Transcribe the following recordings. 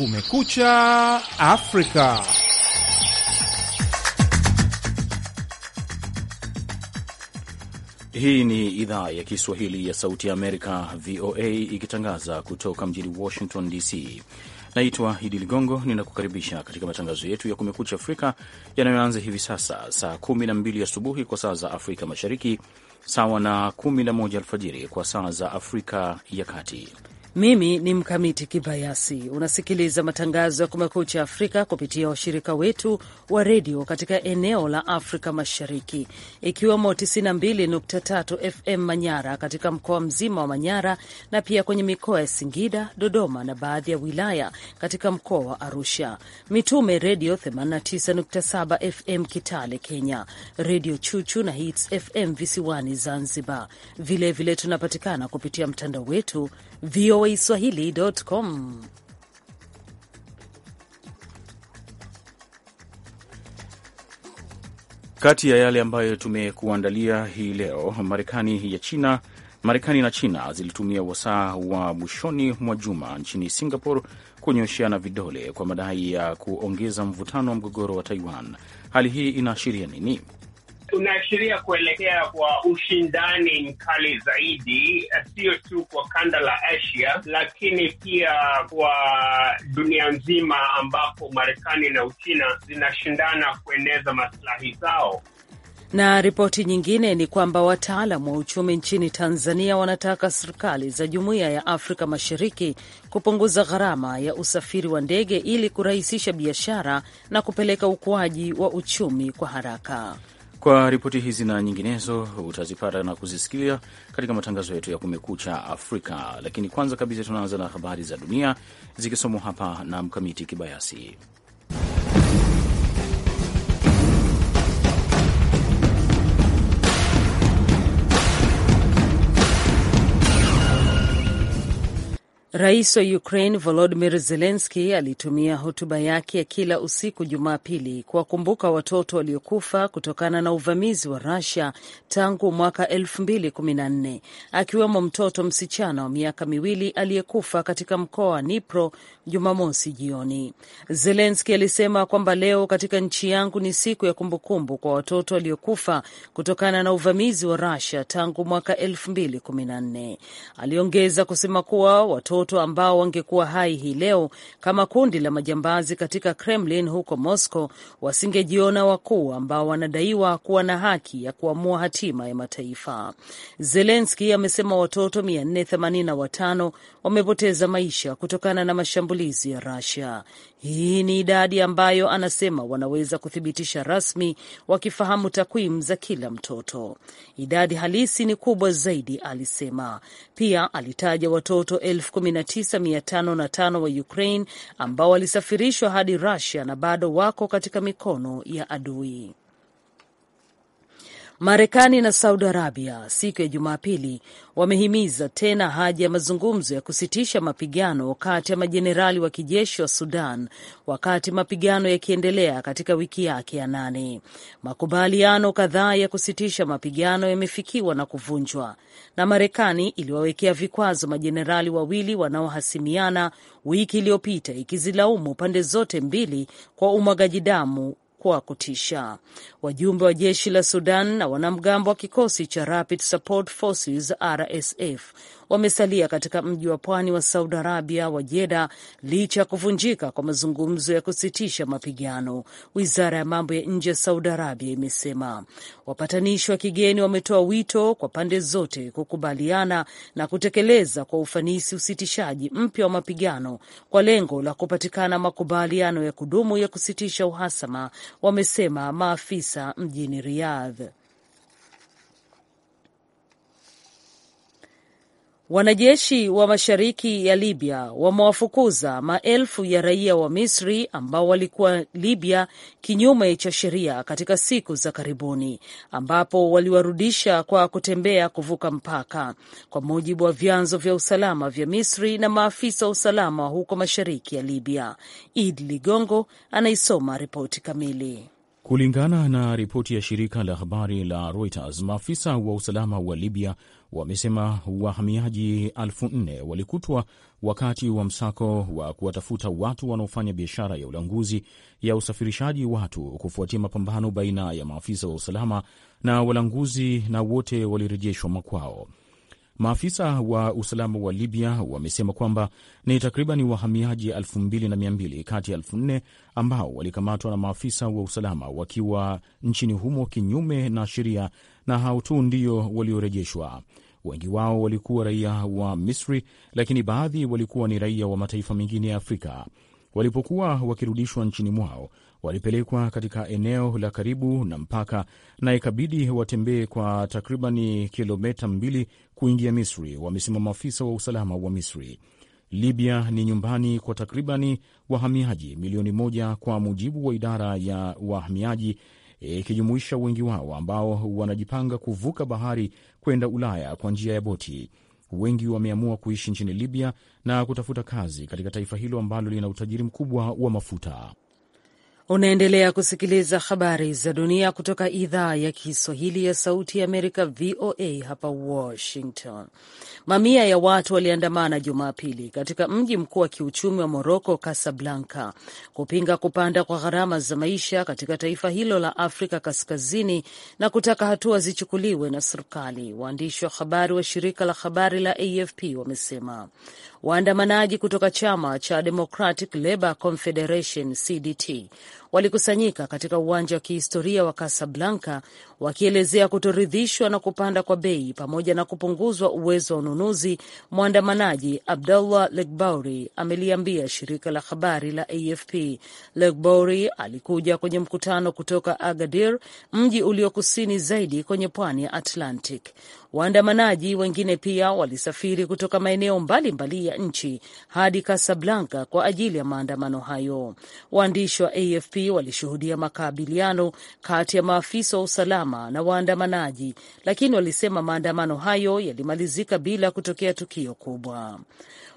Kumekucha Afrika. Hii ni idhaa ya Kiswahili ya Sauti ya Amerika, VOA, ikitangaza kutoka mjini Washington DC. Naitwa Hidi Ligongo, ninakukaribisha katika matangazo yetu ya Kumekucha Afrika yanayoanza hivi sasa saa 12 asubuhi kwa saa za Afrika Mashariki, sawa na 11 alfajiri kwa saa za Afrika ya Kati. Mimi ni Mkamiti Kibayasi. Unasikiliza matangazo ya Kumekucha Afrika kupitia washirika wetu wa redio katika eneo la Afrika Mashariki, ikiwemo 92.3 FM Manyara katika mkoa mzima wa Manyara na pia kwenye mikoa ya Singida, Dodoma na baadhi ya wilaya katika mkoa wa Arusha, Mitume Redio 89.7 FM Kitale Kenya, Redio Chuchu na Hits FM visiwani Zanzibar. Vilevile tunapatikana kupitia mtandao wetu vio VOA Swahili.com. Kati ya yale ambayo tumekuandalia hii leo, Marekani ya China Marekani na China zilitumia wasaa wa mwishoni mwa juma nchini Singapore kunyosheana vidole kwa madai ya kuongeza mvutano wa mgogoro wa Taiwan. Hali hii inaashiria nini? tunaashiria kuelekea kwa ushindani mkali zaidi, sio tu kwa kanda la Asia, lakini pia kwa dunia nzima, ambapo Marekani na Uchina zinashindana kueneza masilahi zao. Na ripoti nyingine ni kwamba wataalam wa uchumi nchini Tanzania wanataka serikali za Jumuiya ya Afrika Mashariki kupunguza gharama ya usafiri wa ndege ili kurahisisha biashara na kupeleka ukuaji wa uchumi kwa haraka. Kwa ripoti hizi na nyinginezo utazipata na kuzisikia katika matangazo yetu ya Kumekucha Afrika, lakini kwanza kabisa tunaanza na habari za dunia zikisomwa hapa na Mkamiti Kibayasi. Rais wa Ukraine volodimir zelenski alitumia hotuba yake ya kila usiku Jumapili kuwakumbuka watoto waliokufa kutokana na uvamizi wa Russia tangu mwaka 2014 akiwemo mtoto msichana wa miaka miwili aliyekufa katika mkoa wa nipro Jumamosi jioni. Zelenski alisema kwamba leo katika nchi yangu ni siku ya kumbukumbu kwa watoto waliokufa kutokana na uvamizi wa Russia tangu mwaka nne. Aliongeza kusema kuwa watoto ambao wangekuwa hai hii leo kama kundi la majambazi katika Kremlin huko Moscow wasingejiona wakuu ambao wanadaiwa kuwa na haki ya kuamua hatima ya mataifa. Zelenski amesema watoto 485 wamepoteza maisha kutokana na mashambulizi mashambulizi ya Russia. Hii ni idadi ambayo anasema wanaweza kuthibitisha rasmi, wakifahamu takwimu za kila mtoto. Idadi halisi ni kubwa zaidi, alisema. Pia alitaja watoto 19,505 wa Ukraine ambao walisafirishwa hadi Russia na bado wako katika mikono ya adui. Marekani na Saudi Arabia siku ya Jumapili wamehimiza tena haja ya mazungumzo ya kusitisha mapigano kati ya majenerali wa kijeshi wa Sudan wakati mapigano yakiendelea katika wiki yake ya nane. Makubaliano kadhaa ya kusitisha mapigano yamefikiwa na kuvunjwa, na Marekani iliwawekea vikwazo majenerali wawili wanaohasimiana wiki iliyopita, ikizilaumu pande zote mbili kwa umwagaji damu kwa kutisha. Wajumbe wa jeshi la Sudan na wanamgambo wa kikosi cha Rapid Support Forces RSF wamesalia katika mji wa pwani wa Saudi Arabia wa Jeda licha ya kuvunjika kwa mazungumzo ya kusitisha mapigano. Wizara ya mambo ya nje ya Saudi Arabia imesema wapatanishi wa kigeni wametoa wito kwa pande zote kukubaliana na kutekeleza kwa ufanisi usitishaji mpya wa mapigano kwa lengo la kupatikana makubaliano ya kudumu ya kusitisha uhasama, wamesema maafisa mjini Riyadh. Wanajeshi wa mashariki ya Libya wamewafukuza maelfu ya raia wa Misri ambao walikuwa Libya kinyume cha sheria katika siku za karibuni, ambapo waliwarudisha kwa kutembea kuvuka mpaka, kwa mujibu wa vyanzo vya usalama vya Misri na maafisa wa usalama huko mashariki ya Libya. Idi Ligongo anaisoma ripoti kamili. Kulingana na ripoti ya shirika la habari la Reuters, maafisa wa usalama wa Libya wamesema wahamiaji elfu nne walikutwa wakati wa msako wa kuwatafuta watu wanaofanya biashara ya ulanguzi ya usafirishaji watu kufuatia mapambano baina ya maafisa wa usalama na walanguzi na wote walirejeshwa makwao. Maafisa wa usalama wa Libya wamesema kwamba ni takriban wahamiaji 2200 kati ya 4000 ambao walikamatwa na maafisa wa usalama wakiwa nchini humo kinyume na sheria na hao tu ndio waliorejeshwa. Wengi wao walikuwa raia wa Misri, lakini baadhi walikuwa ni raia wa mataifa mengine ya Afrika. Walipokuwa wakirudishwa nchini mwao, walipelekwa katika eneo la karibu na mpaka, na ikabidi watembee kwa takribani kilomita mbili kuingia Misri, wamesema maafisa wa usalama wa Misri. Libya ni nyumbani kwa takribani wahamiaji milioni moja kwa mujibu wa idara ya wahamiaji ikijumuisha wengi wao ambao wanajipanga kuvuka bahari kwenda Ulaya kwa njia ya boti. Wengi wameamua kuishi nchini Libya na kutafuta kazi katika taifa hilo ambalo lina utajiri mkubwa wa mafuta. Unaendelea kusikiliza habari za dunia kutoka idhaa ya Kiswahili ya Sauti ya Amerika, VOA hapa Washington. Mamia ya watu waliandamana Jumapili katika mji mkuu wa kiuchumi wa Moroko, Kasablanka, kupinga kupanda kwa gharama za maisha katika taifa hilo la Afrika Kaskazini na kutaka hatua zichukuliwe na serikali. Waandishi wa habari wa shirika la habari la AFP wamesema waandamanaji kutoka chama cha Democratic Labour Confederation, CDT walikusanyika katika uwanja wa kihistoria wa Casablanca wakielezea kutoridhishwa na kupanda kwa bei pamoja na kupunguzwa uwezo wa ununuzi. Mwandamanaji Abdullah Legbauri ameliambia shirika la habari la AFP. Legbauri alikuja kwenye mkutano kutoka Agadir, mji ulio kusini zaidi kwenye pwani ya Atlantic. Waandamanaji wengine pia walisafiri kutoka maeneo mbalimbali ya nchi hadi Kasablanka kwa ajili ya maandamano hayo. Waandishi wa AFP walishuhudia makabiliano kati ya maafisa wa usalama usalama na waandamanaji, lakini walisema maandamano hayo yalimalizika bila kutokea tukio kubwa.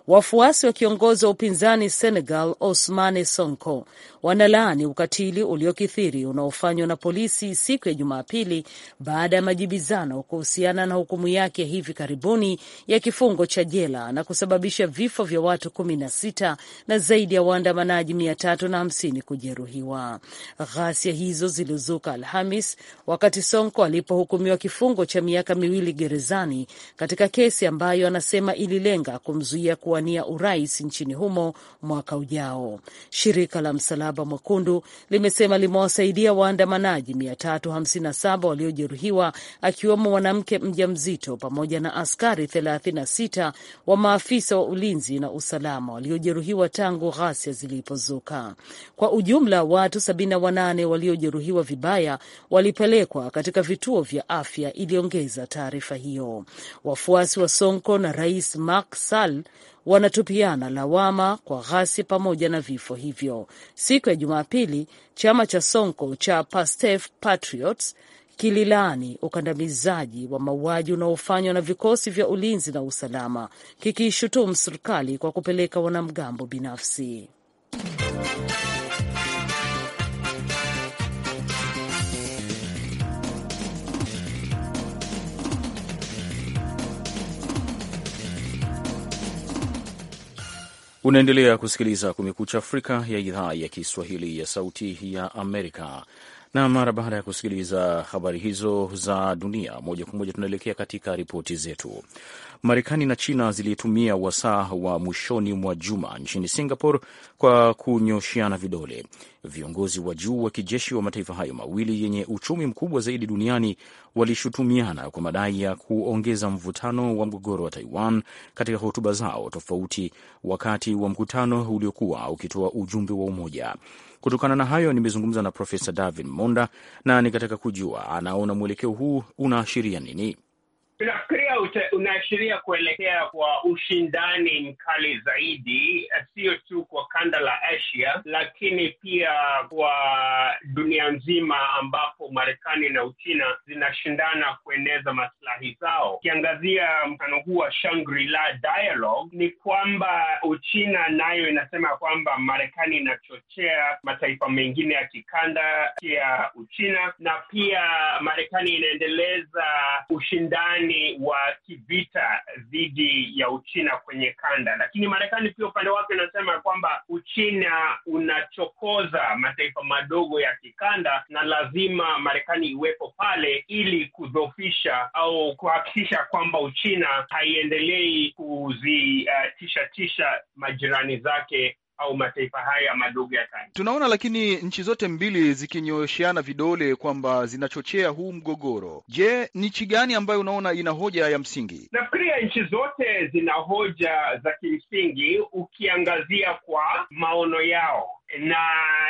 Wafuasi wa kiongozi wa upinzani Senegal Ousmane Sonko wanalaani ukatili uliokithiri unaofanywa na polisi siku ya Jumapili baada ya majibizano kuhusiana na hukumu yake ya hivi karibuni ya kifungo cha jela na kusababisha vifo vya watu kumi na sita na zaidi ya waandamanaji mia tatu na hamsini kujeruhiwa. Ghasia hizo zilizuka Alhamis wakati Sonko alipohukumiwa kifungo cha miaka miwili gerezani katika kesi ambayo anasema ililenga kumzuia kuwania urais nchini humo mwaka ujao. Shirika la Msalaba Mwekundu limesema limewasaidia waandamanaji 357 waliojeruhiwa, akiwemo mwanamke mja mzito pamoja na askari 36 wa maafisa wa ulinzi na usalama waliojeruhiwa tangu ghasia zilipozuka. Kwa ujumla watu 78 waliojeruhiwa vibaya walipelekwa katika vituo vya afya, iliongeza taarifa hiyo. Wafuasi wa Sonko na Rais Macky Sall wanatupiana lawama kwa ghasia pamoja na vifo hivyo. Siku ya Jumapili, chama cha Sonko cha Pastef Patriots kililaani ukandamizaji wa mauaji unaofanywa na vikosi vya ulinzi na usalama, kikiishutumu serikali kwa kupeleka wanamgambo binafsi. Unaendelea kusikiliza Kumekucha Afrika ya idhaa ya Kiswahili ya Sauti ya Amerika, na mara baada ya kusikiliza habari hizo za dunia moja kwa moja, tunaelekea katika ripoti zetu. Marekani na China zilitumia wasaa wa mwishoni mwa juma nchini Singapore kwa kunyoshiana vidole. Viongozi wa juu wa kijeshi wa mataifa hayo mawili yenye uchumi mkubwa zaidi duniani walishutumiana kwa madai ya kuongeza mvutano wa mgogoro wa Taiwan katika hotuba zao tofauti wakati wa mkutano uliokuwa ukitoa ujumbe wa umoja. Kutokana na hayo, nimezungumza na Profesa David Monda na nikataka kujua anaona mwelekeo huu unaashiria nini unaashiria kuelekea kwa ushindani mkali zaidi, eh, sio tu kwa kanda la Asia, lakini pia kwa dunia nzima, ambapo Marekani na Uchina zinashindana kueneza maslahi zao. Ukiangazia mfano huu wa Shangri-La Dialogue, ni kwamba Uchina nayo inasema kwamba Marekani inachochea mataifa mengine ya kikanda ya Uchina, na pia Marekani inaendeleza ushindani wa kivita dhidi ya Uchina kwenye kanda, lakini Marekani pia upande wake inasema kwamba Uchina unachokoza mataifa madogo ya kikanda na lazima Marekani iwepo pale ili kudhofisha au kuhakikisha kwamba Uchina haiendelei kuzitishatisha uh, majirani zake au mataifa haya madogo ya kanda. Tunaona lakini nchi zote mbili zikinyosheana vidole kwamba zinachochea huu mgogoro. Je, ni nchi gani ambayo unaona ina hoja ya msingi? Nafikiria nchi zote zina hoja za kimsingi ukiangazia kwa maono yao na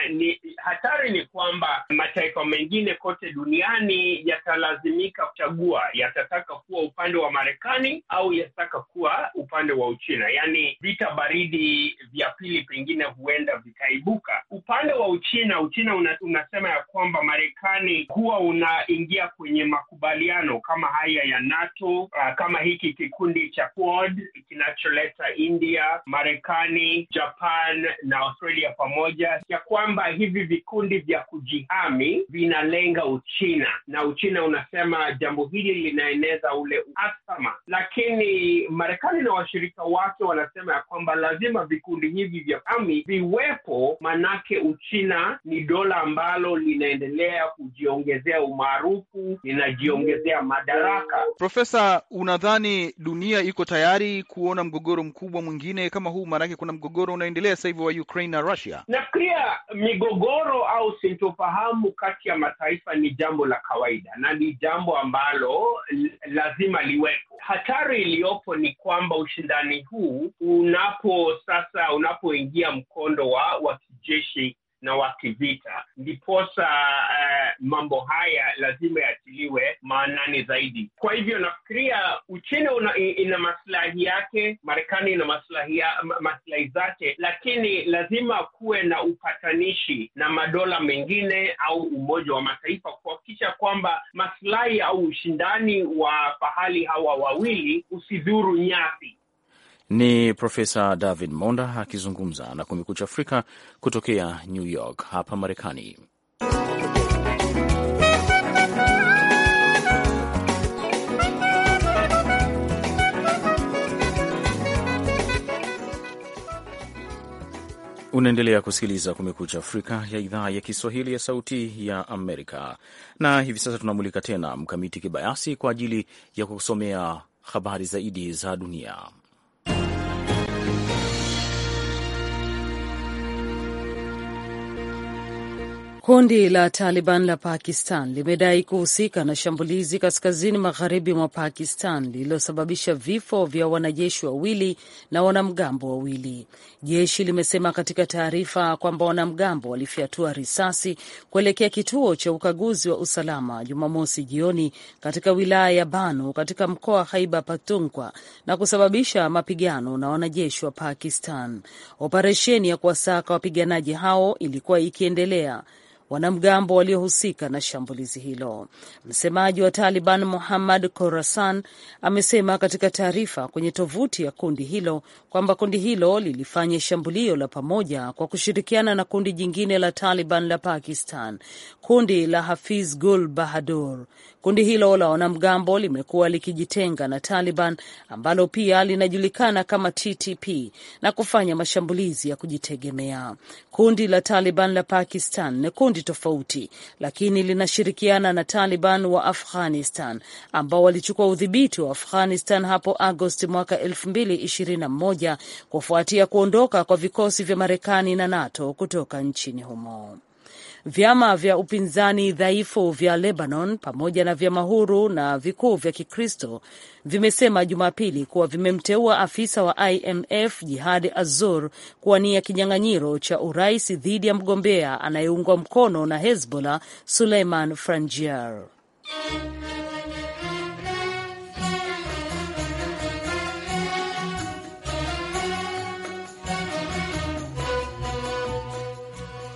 ni hatari ni kwamba mataifa mengine kote duniani yatalazimika kuchagua, yatataka kuwa upande wa Marekani au yatataka kuwa upande wa Uchina. Yaani vita baridi vya pili pengine huenda vikaibuka. Upande wa Uchina, Uchina una, unasema ya kwamba Marekani huwa unaingia kwenye makubaliano kama haya ya NATO, uh, kama hiki kikundi cha Quad kinacholeta India, Marekani, Japan na Australia pamoja moja ya kwamba hivi vikundi vya kujihami vinalenga Uchina na Uchina unasema jambo hili linaeneza ule uhasama, lakini Marekani na washirika wake wanasema ya kwamba lazima vikundi hivi vya ami viwepo, manake Uchina ni dola ambalo linaendelea kujiongezea umaarufu, linajiongezea madaraka. Profesa, unadhani dunia iko tayari kuona mgogoro mkubwa mwingine kama huu? Maanake kuna mgogoro unaendelea sasa hivi wa Ukraine na Russia na pia migogoro au sintofahamu kati ya mataifa ni jambo la kawaida na ni jambo ambalo lazima liwepo. Hatari iliyopo ni kwamba ushindani huu unapo sasa unapoingia mkondo wa wa kijeshi na wa kivita, ndiposa uh, mambo haya lazima yatiliwe maanani zaidi. Kwa hivyo nafikiria Uchina una, ina maslahi yake, Marekani ina maslahi ya, maslahi zake, lakini lazima kuwe na upatanishi na madola mengine au Umoja wa Mataifa kuhakikisha kwamba maslahi au ushindani wa fahali hawa wawili usidhuru nyasi. Ni Profesa David Monda akizungumza na Kumekucha Afrika kutokea New York hapa Marekani. Unaendelea kusikiliza Kumekucha Afrika ya idhaa ya Kiswahili ya Sauti ya Amerika, na hivi sasa tunamulika tena Mkamiti Kibayasi kwa ajili ya kusomea habari zaidi za dunia. Kundi la Taliban la Pakistan limedai kuhusika na shambulizi kaskazini magharibi mwa Pakistan lililosababisha vifo vya wanajeshi wawili na wanamgambo wawili. Jeshi limesema katika taarifa kwamba wanamgambo walifyatua risasi kuelekea kituo cha ukaguzi wa usalama Jumamosi jioni katika wilaya ya Banu katika mkoa wa Khyber Pakhtunkhwa na kusababisha mapigano na wanajeshi wa Pakistan. Operesheni ya kuwasaka wapiganaji hao ilikuwa ikiendelea wanamgambo waliohusika na shambulizi hilo. Msemaji wa Taliban Muhammad Khorasan amesema katika taarifa kwenye tovuti ya kundi hilo kwamba kundi hilo lilifanya shambulio la pamoja kwa kushirikiana na kundi jingine la Taliban la Pakistan, kundi la Hafiz Gul Bahadur. Kundi hilo la wanamgambo limekuwa likijitenga na Taliban ambalo pia linajulikana kama TTP na kufanya mashambulizi ya kujitegemea. Kundi la Taliban la Pakistan ni kundi tofauti, lakini linashirikiana na Taliban wa Afghanistan ambao walichukua udhibiti wa Afghanistan hapo Agosti mwaka 2021 kufuatia kuondoka kwa vikosi vya Marekani na NATO kutoka nchini humo. Vyama vya upinzani dhaifu vya Lebanon pamoja na vyama huru na vikuu vya Kikristo vimesema Jumapili kuwa vimemteua afisa wa IMF Jihad Azur kuwania kinyang'anyiro cha urais dhidi ya mgombea anayeungwa mkono na Hezbollah Suleiman Frangier.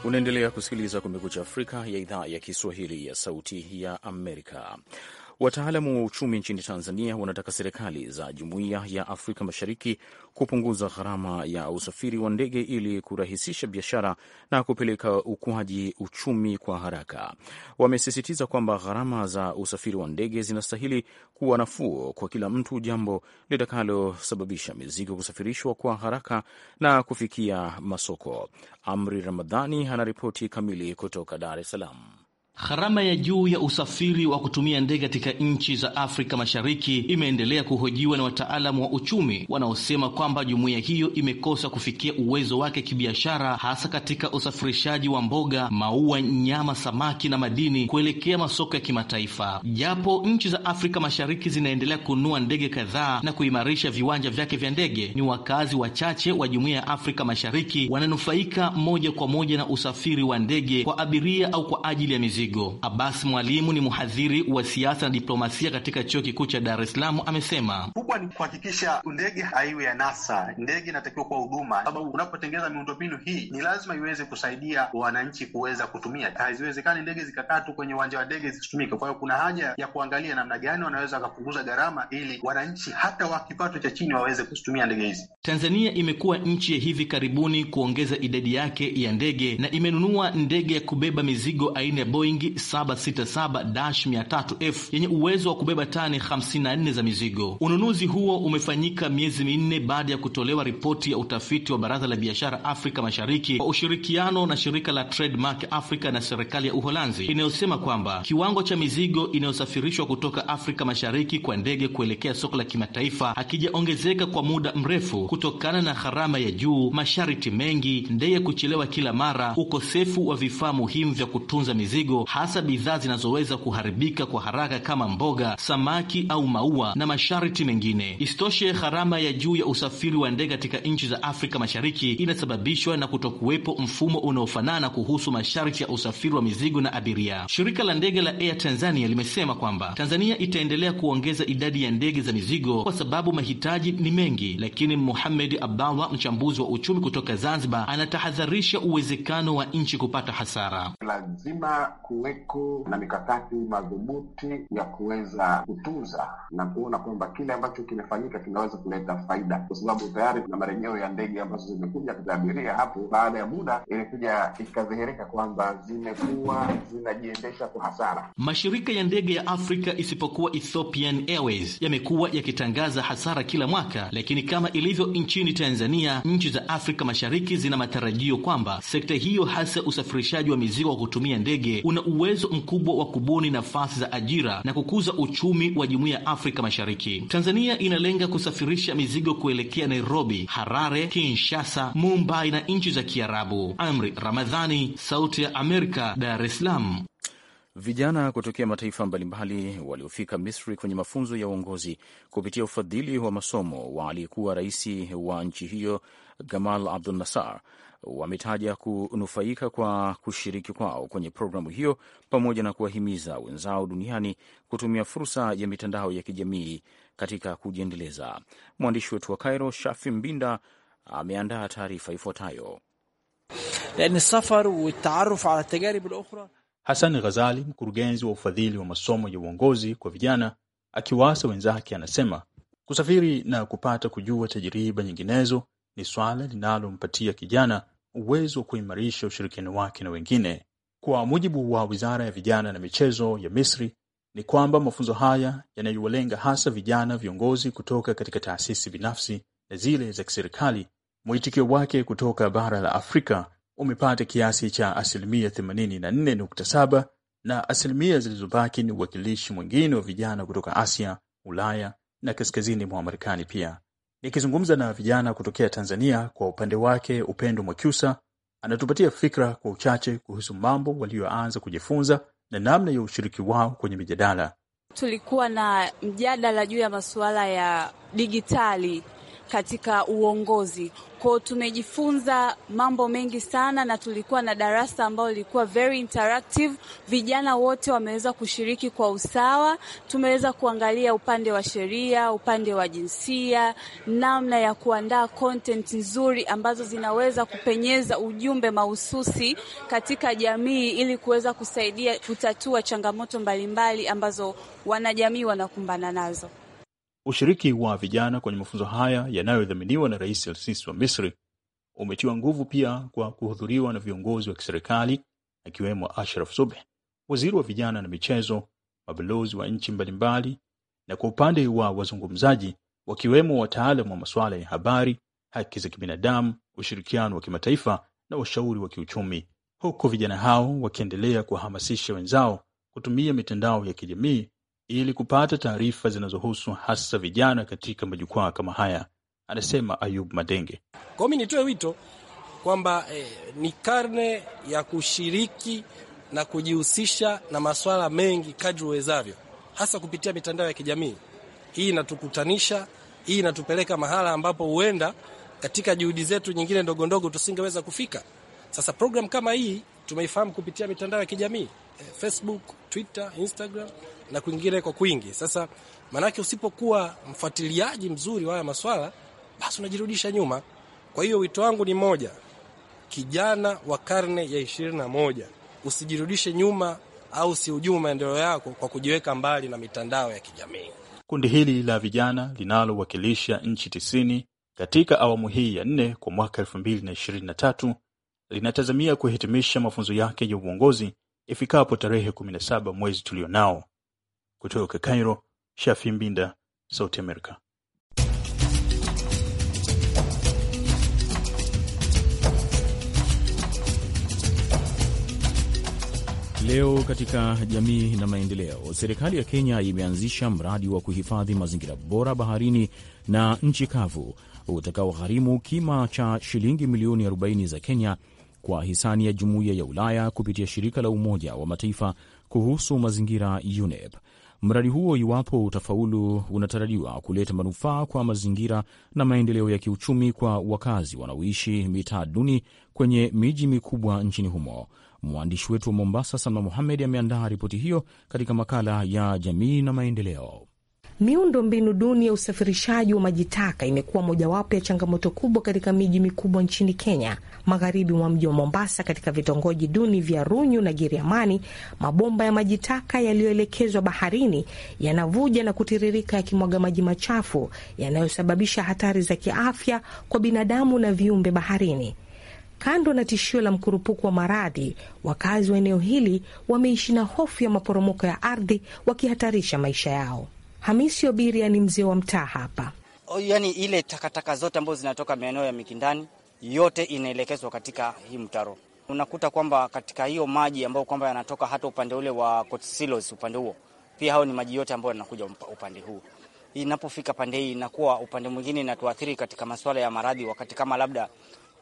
Unaendelea kusikiliza Kumekucha Afrika ya idhaa ya Kiswahili ya Sauti ya Amerika. Wataalamu wa uchumi nchini Tanzania wanataka serikali za Jumuiya ya Afrika Mashariki kupunguza gharama ya usafiri wa ndege ili kurahisisha biashara na kupeleka ukuaji uchumi kwa haraka. Wamesisitiza kwamba gharama za usafiri wa ndege zinastahili kuwa nafuu kwa kila mtu, jambo litakalosababisha mizigo kusafirishwa kwa haraka na kufikia masoko. Amri Ramadhani anaripoti kamili kutoka Dar es Salaam. Gharama ya juu ya usafiri wa kutumia ndege katika nchi za Afrika Mashariki imeendelea kuhojiwa na wataalamu wa uchumi wanaosema kwamba jumuiya hiyo imekosa kufikia uwezo wake kibiashara, hasa katika usafirishaji wa mboga, maua, nyama, samaki na madini kuelekea masoko ya kimataifa. Japo nchi za Afrika Mashariki zinaendelea kununua ndege kadhaa na kuimarisha viwanja vyake vya ndege, ni wakazi wachache wa jumuiya ya Afrika Mashariki wananufaika moja kwa moja na usafiri wa ndege kwa abiria au kwa ajili ya mizigo. Mzigo. Abbas Mwalimu ni mhadhiri wa siasa na diplomasia katika chuo kikuu cha Dar es Salaam, amesema kubwa ni kuhakikisha ndege haiwe ya nasa. Ndege inatakiwa kuwa huduma, sababu unapotengeneza miundombinu hii ni lazima iweze kusaidia wananchi kuweza kutumia. Haziwezekani ndege zikakaa tu kwenye uwanja wa ndege zisitumike. Kwa hiyo kuna haja ya kuangalia namna gani wanaweza wakapunguza gharama ili wananchi hata wa kipato cha chini waweze kuzitumia ndege hizi. Tanzania imekuwa nchi ya hivi karibuni kuongeza idadi yake ya ndege na imenunua ndege ya kubeba mizigo aina ya Boeing Boeing 767-300F yenye uwezo wa kubeba tani 54 za mizigo. Ununuzi huo umefanyika miezi minne baada ya kutolewa ripoti ya utafiti wa Baraza la Biashara Afrika Mashariki kwa ushirikiano na shirika la Trademark Africa na serikali ya Uholanzi inayosema kwamba kiwango cha mizigo inayosafirishwa kutoka Afrika Mashariki kwa ndege kuelekea soko la kimataifa hakijaongezeka kwa muda mrefu kutokana na gharama ya juu, masharti mengi, ndege kuchelewa kila mara, ukosefu wa vifaa muhimu vya kutunza mizigo hasa bidhaa zinazoweza kuharibika kwa haraka kama mboga, samaki au maua na masharti mengine. Isitoshe, gharama ya juu ya usafiri wa ndege katika nchi za Afrika Mashariki inasababishwa na kutokuwepo mfumo unaofanana kuhusu masharti ya usafiri wa mizigo na abiria. Shirika la ndege la Air Tanzania limesema kwamba Tanzania itaendelea kuongeza idadi ya ndege za mizigo kwa sababu mahitaji ni mengi, lakini Muhamed Abdallah, mchambuzi wa uchumi kutoka Zanzibar, anatahadharisha uwezekano wa nchi kupata hasara. Lazima kuweko na mikakati madhubuti ya kuweza kutunza na kuona kwamba kile ambacho kimefanyika kinaweza kuleta faida, kwa sababu tayari kuna marejeo ya ndege ambazo zimekuja za abiria. Hapo baada ya muda ilikuja ikadhihirika kwamba zimekuwa zinajiendesha kwa hasara. Mashirika ya ndege ya Afrika isipokuwa Ethiopian Airways yamekuwa yakitangaza hasara kila mwaka, lakini kama ilivyo nchini Tanzania, nchi za Afrika Mashariki zina matarajio kwamba sekta hiyo, hasa usafirishaji wa mizigo wa kutumia ndege, una kuna uwezo mkubwa wa kubuni nafasi za ajira na kukuza uchumi wa jumuiya ya Afrika Mashariki. Tanzania inalenga kusafirisha mizigo kuelekea Nairobi, Harare, Kinshasa, Mumbai na nchi za Kiarabu. Amri Ramadhani, Sauti ya Amerika, Dar es Salaam. Vijana kutokea mataifa mbalimbali waliofika Misri kwenye mafunzo ya uongozi kupitia ufadhili wa masomo wa aliyekuwa rais wa nchi hiyo Gamal Abdel Nasser wametaja kunufaika kwa kushiriki kwao kwenye programu hiyo pamoja na kuwahimiza wenzao duniani kutumia fursa ya mitandao ya kijamii katika kujiendeleza. Mwandishi wetu wa Cairo, Shafi Mbinda, ameandaa taarifa ifuatayo. Yaani Hassan Ghazali, mkurugenzi wa ufadhili wa masomo ya uongozi kwa vijana, akiwaasa wenzake, anasema kusafiri na kupata kujua tajiriba nyinginezo ni swala linalompatia kijana uwezo wa kuimarisha ushirikiano wake na wengine. Kwa mujibu wa wizara ya vijana na michezo ya Misri ni kwamba mafunzo haya yanayowalenga hasa vijana viongozi kutoka katika taasisi binafsi na zile za kiserikali, mwitikio wake kutoka bara la Afrika umepata kiasi cha asilimia 84.7 na asilimia zilizobaki ni uwakilishi mwingine wa vijana kutoka Asia, Ulaya na kaskazini mwa Marekani. Pia Nikizungumza na vijana kutokea Tanzania, kwa upande wake Upendo Mwakyusa anatupatia fikra kwa uchache kuhusu mambo walioanza kujifunza na namna ya ushiriki wao kwenye mijadala. Tulikuwa na mjadala juu ya masuala ya dijitali katika uongozi kwao. Tumejifunza mambo mengi sana, na tulikuwa na darasa ambalo lilikuwa very interactive. Vijana wote wameweza kushiriki kwa usawa. Tumeweza kuangalia upande wa sheria, upande wa jinsia, namna ya kuandaa content nzuri ambazo zinaweza kupenyeza ujumbe mahususi katika jamii ili kuweza kusaidia kutatua changamoto mbalimbali ambazo wanajamii wanakumbana nazo. Ushiriki wa vijana kwenye mafunzo haya yanayodhaminiwa na Rais al-Sisi wa Misri umetiwa nguvu pia kwa kuhudhuriwa na viongozi wa kiserikali akiwemo Ashraf Subh, waziri wa vijana na michezo, mabalozi wa nchi mbalimbali, na kwa upande wa wazungumzaji wakiwemo wataalam wa masuala ya habari, haki za kibinadamu, ushirikiano wa kimataifa na washauri wa kiuchumi, huku vijana hao wakiendelea kuwahamasisha wenzao kutumia mitandao ya kijamii ili kupata taarifa zinazohusu hasa vijana katika majukwaa kama haya, anasema Ayub Madenge. Kwa mi nitoe wito kwamba eh, ni karne ya kushiriki na kujihusisha na maswala mengi kadri uwezavyo, hasa kupitia mitandao ya kijamii. Hii inatukutanisha, hii inatupeleka mahala ambapo huenda katika juhudi zetu nyingine ndogondogo tusingeweza kufika. Sasa programu kama hii tumeifahamu kupitia mitandao ya kijamii Eh, Facebook, Twitter, Instagram na kwingine kwa kwingi. Sasa maanake usipokuwa mfuatiliaji mzuri wa haya maswala, basi unajirudisha nyuma. Kwa hiyo wito wangu ni moja, kijana wa karne ya ishirini na moja, usijirudishe nyuma au usihujumu maendeleo yako kwa kujiweka mbali na mitandao ya kijamii. Kundi hili la vijana linalowakilisha nchi tisini katika awamu hii ya nne kwa mwaka elfu mbili na ishirini na tatu linatazamia kuhitimisha mafunzo yake ya uongozi Ifikapo tarehe 17 mwezi tulionao. Kutoka Cairo, Shafi Mbinda, Sauti america Leo katika jamii na maendeleo, serikali ya Kenya imeanzisha mradi wa kuhifadhi mazingira bora baharini na nchi kavu utakaogharimu kima cha shilingi milioni 40 za Kenya kwa hisani ya Jumuiya ya Ulaya kupitia shirika la Umoja wa Mataifa kuhusu mazingira UNEP. Mradi huo, iwapo utafaulu, unatarajiwa kuleta manufaa kwa mazingira na maendeleo ya kiuchumi kwa wakazi wanaoishi mitaa duni kwenye miji mikubwa nchini humo. Mwandishi wetu wa Mombasa, Salma Muhamed, ameandaa ripoti hiyo katika makala ya jamii na maendeleo. Miundo mbinu duni ya usafirishaji wa maji taka imekuwa mojawapo ya changamoto kubwa katika miji mikubwa nchini Kenya. Magharibi mwa mji wa Mombasa, katika vitongoji duni vya Runyu na Giriamani, mabomba ya maji taka yaliyoelekezwa baharini yanavuja na kutiririka yakimwaga maji machafu yanayosababisha hatari za kiafya kwa binadamu na viumbe baharini. Kando na tishio la mkurupuko wa maradhi, wakazi wa eneo hili wameishi na hofu ya maporomoko ya ardhi, wakihatarisha maisha yao. Hamisi Obiria ni mzee wa mtaa hapa. Yaani ile takataka zote ambazo zinatoka maeneo ya Mikindani yote inaelekezwa katika hii mtaro. Unakuta kwamba katika hiyo maji ambayo kwamba yanatoka hata upande ule wa Kotsilos, upande huo pia hao ni maji yote ambayo yanakuja upande huu. Inapofika pande hii inakuwa upande mwingine inatuathiri katika masuala ya maradhi, wakati kama labda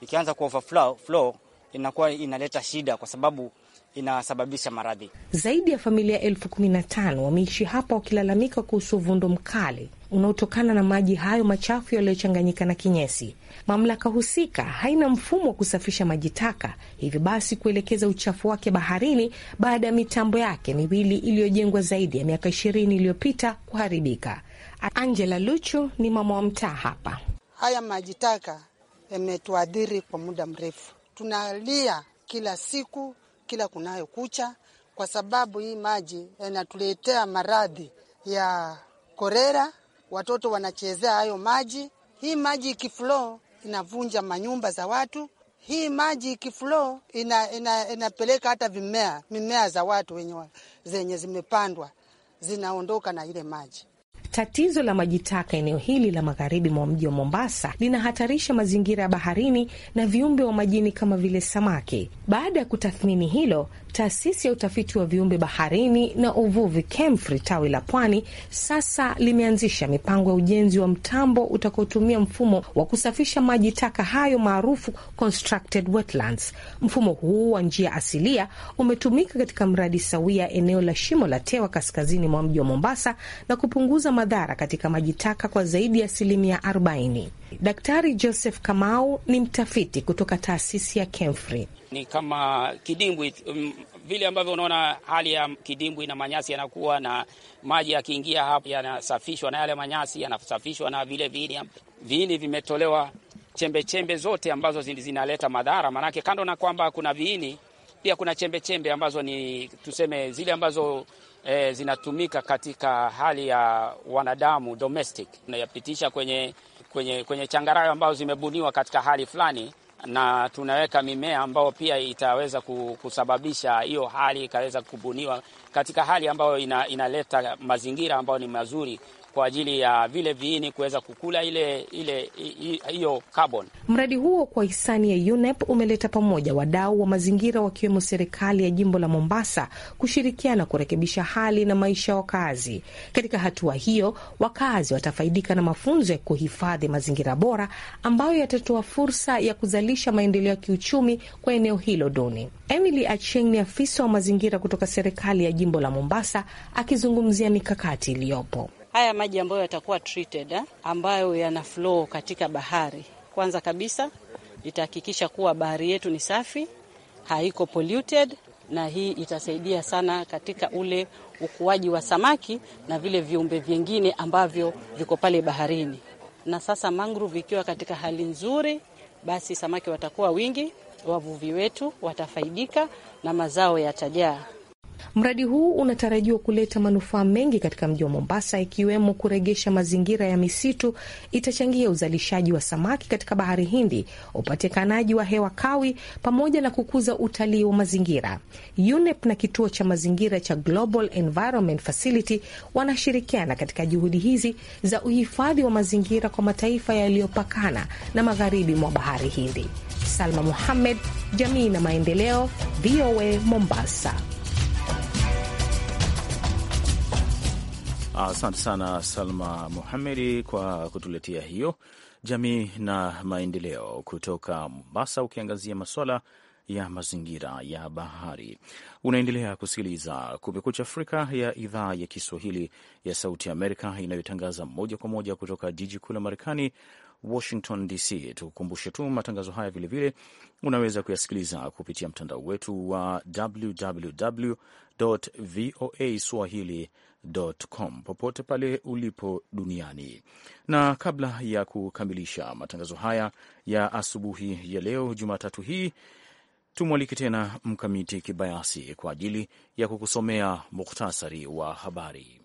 ikianza ku overflow flow, inakuwa inaleta shida kwa sababu inasababisha maradhi. Zaidi ya familia elfu kumi na tano wameishi hapa wakilalamika kuhusu uvundo mkali unaotokana na maji hayo machafu yaliyochanganyika na kinyesi. Mamlaka husika haina mfumo wa kusafisha maji taka, hivyo basi kuelekeza uchafu wake baharini baada ya mitambo yake miwili iliyojengwa zaidi ya miaka ishirini iliyopita kuharibika. Angela Luchu ni mama wa mtaa hapa. Haya maji taka yametuadhiri kwa muda mrefu, tunalia kila siku kila kunayo kucha, kwa sababu hii maji inatuletea maradhi ya korera, watoto wanachezea hayo maji. Hii maji ikiflo inavunja manyumba za watu. Hii maji ikiflo ina, ina, inapeleka hata vimea mimea za watu wenye zenye zimepandwa zinaondoka na ile maji. Tatizo la maji taka eneo hili la magharibi mwa mji wa Mombasa linahatarisha mazingira ya baharini na viumbe wa majini kama vile samaki. Baada ya kutathmini hilo, taasisi ya utafiti wa viumbe baharini na uvuvi KEMFRI tawi la Pwani sasa limeanzisha mipango ya ujenzi wa mtambo utakaotumia mfumo wa kusafisha maji taka hayo maarufu constructed wetlands. Mfumo huu wa njia asilia umetumika katika mradi sawia eneo la Shimo la Tewa kaskazini mwa mji wa Mombasa na kupunguza madhara katika maji taka kwa zaidi ya asilimia 40. Daktari Joseph Kamau ni mtafiti kutoka taasisi ya KEMFRI. Ni kama kidimbwi um, vile ambavyo unaona hali ya kidimbwi na manyasi yanakuwa na maji yakiingia hapo yanasafishwa na yale manyasi yanasafishwa na vile viini, viini vimetolewa chembechembe -chembe zote ambazo zinaleta madhara, maanake kando na kwamba kuna viini pia kuna chembechembe -chembe ambazo ni tuseme zile ambazo e, zinatumika katika hali ya wanadamu domestic, unayapitisha kwenye kwenye, kwenye changarawe ambazo zimebuniwa katika hali fulani, na tunaweka mimea ambayo pia itaweza kusababisha hiyo hali ikaweza kubuniwa katika hali ambayo ina, inaleta mazingira ambayo ni mazuri kwa ajili ya vile viini kuweza kukula ile ile hiyo carbon. Mradi huo kwa hisani ya UNEP umeleta pamoja wadau wa mazingira wakiwemo serikali ya jimbo la Mombasa kushirikiana kurekebisha hali na maisha ya wakazi. Katika hatua hiyo, wakazi watafaidika na mafunzo ya kuhifadhi mazingira bora ambayo yatatoa fursa ya kuzalisha maendeleo ya kiuchumi kwa eneo hilo duni. Emily Acheng ni afisa wa mazingira kutoka serikali ya jimbo la Mombasa akizungumzia mikakati iliyopo haya maji ambayo yatakuwa treated ha, eh, ambayo yana flow katika bahari, kwanza kabisa itahakikisha kuwa bahari yetu ni safi, haiko polluted, na hii itasaidia sana katika ule ukuaji wa samaki na vile viumbe vingine ambavyo viko pale baharini. Na sasa mangrove ikiwa katika hali nzuri, basi samaki watakuwa wingi, wavuvi wetu watafaidika na mazao yatajaa. Mradi huu unatarajiwa kuleta manufaa mengi katika mji wa Mombasa, ikiwemo kuregesha mazingira ya misitu, itachangia uzalishaji wa samaki katika bahari Hindi, upatikanaji wa hewa kawi, pamoja na kukuza utalii wa mazingira. UNEP na kituo cha mazingira cha Global Environment Facility wanashirikiana katika juhudi hizi za uhifadhi wa mazingira kwa mataifa yaliyopakana na magharibi mwa bahari Hindi. Salma Muhammed, jamii na maendeleo, VOA Mombasa. Asante sana Salma Muhamedi kwa kutuletea hiyo jamii na maendeleo kutoka Mombasa, ukiangazia maswala ya mazingira ya bahari. Unaendelea kusikiliza Kumekucha Afrika ya idhaa ya Kiswahili ya Sauti Amerika inayotangaza moja kwa moja kutoka jiji kuu la Marekani, Washington DC. Tukukumbushe tu matangazo haya vilevile vile, unaweza kuyasikiliza kupitia mtandao wetu wa www voa swahili com popote pale ulipo duniani. Na kabla ya kukamilisha matangazo haya ya asubuhi ya leo Jumatatu hii, tumwalike tena Mkamiti Kibayasi kwa ajili ya kukusomea muhtasari wa habari.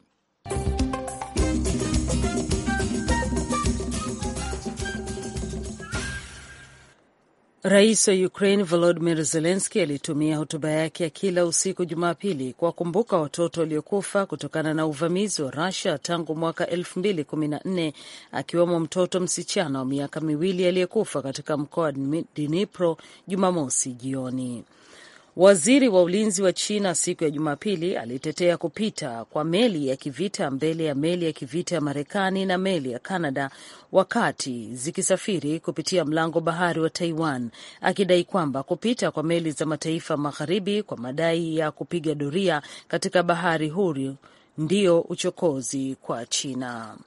Rais wa Ukraine volodimir zelenski alitumia hotuba yake ya kila usiku Jumapili kuwakumbuka watoto waliokufa kutokana na uvamizi wa rasia tangu mwaka 2014 akiwemo mtoto msichana wa miaka miwili aliyekufa katika mkoa wa Dnipro Jumamosi jioni. Waziri wa ulinzi wa China siku ya Jumapili alitetea kupita kwa meli ya kivita mbele ya meli ya kivita ya Marekani na meli ya Kanada wakati zikisafiri kupitia mlango bahari wa Taiwan, akidai kwamba kupita kwa meli za mataifa magharibi kwa madai ya kupiga doria katika bahari huru ndio uchokozi kwa China.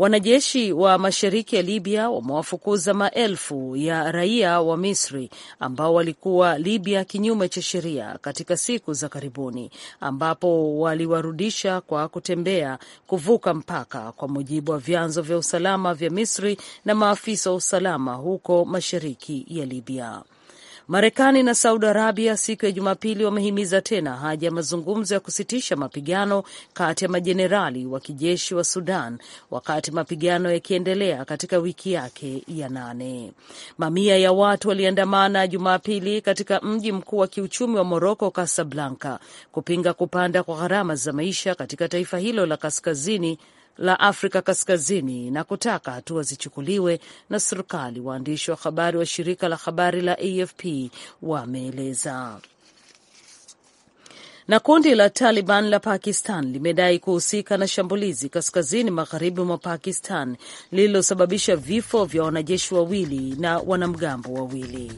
Wanajeshi wa mashariki ya Libya wamewafukuza maelfu ya raia wa Misri ambao walikuwa Libya kinyume cha sheria katika siku za karibuni, ambapo waliwarudisha kwa kutembea kuvuka mpaka, kwa mujibu wa vyanzo vya usalama vya Misri na maafisa wa usalama huko mashariki ya Libya. Marekani na Saudi Arabia siku ya Jumapili wamehimiza tena haja ya mazungumzo ya kusitisha mapigano kati ya majenerali wa kijeshi wa Sudan, wakati mapigano yakiendelea katika wiki yake ya nane. Mamia ya watu waliandamana Jumapili katika mji mkuu wa kiuchumi wa Moroko, Kasablanka, kupinga kupanda kwa gharama za maisha katika taifa hilo la kaskazini la Afrika Kaskazini na kutaka hatua zichukuliwe na serikali, waandishi wa habari wa shirika la habari la AFP wameeleza na kundi la Taliban la Pakistan limedai kuhusika na shambulizi kaskazini magharibi mwa Pakistan lililosababisha vifo vya wanajeshi wawili na wanamgambo wawili.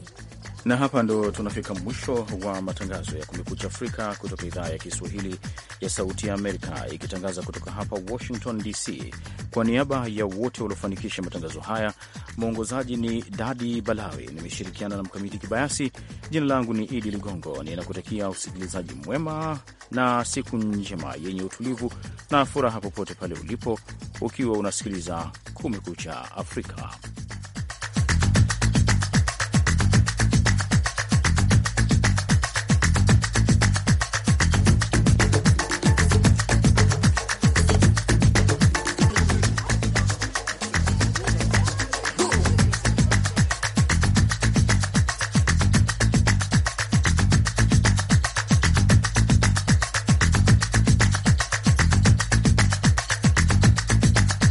Na hapa ndo tunafika mwisho wa matangazo ya Kumekucha Afrika kutoka idhaa ya Kiswahili ya Sauti ya Amerika, ikitangaza kutoka hapa Washington DC. Kwa niaba ya wote waliofanikisha matangazo haya, mwongozaji ni Dadi Balawi, nimeshirikiana na Mkamiti Kibayasi. Jina langu ni Idi Ligongo, ninakutakia usikilizaji mwema na siku njema yenye utulivu na furaha, popote pale ulipo, ukiwa unasikiliza Kumekucha Afrika.